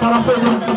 Caramba, ah,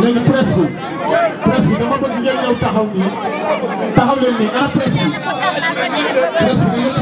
léegi presse bi presse bi dama bëgg ngeen ñëw taxaw nii taxaw leen ah,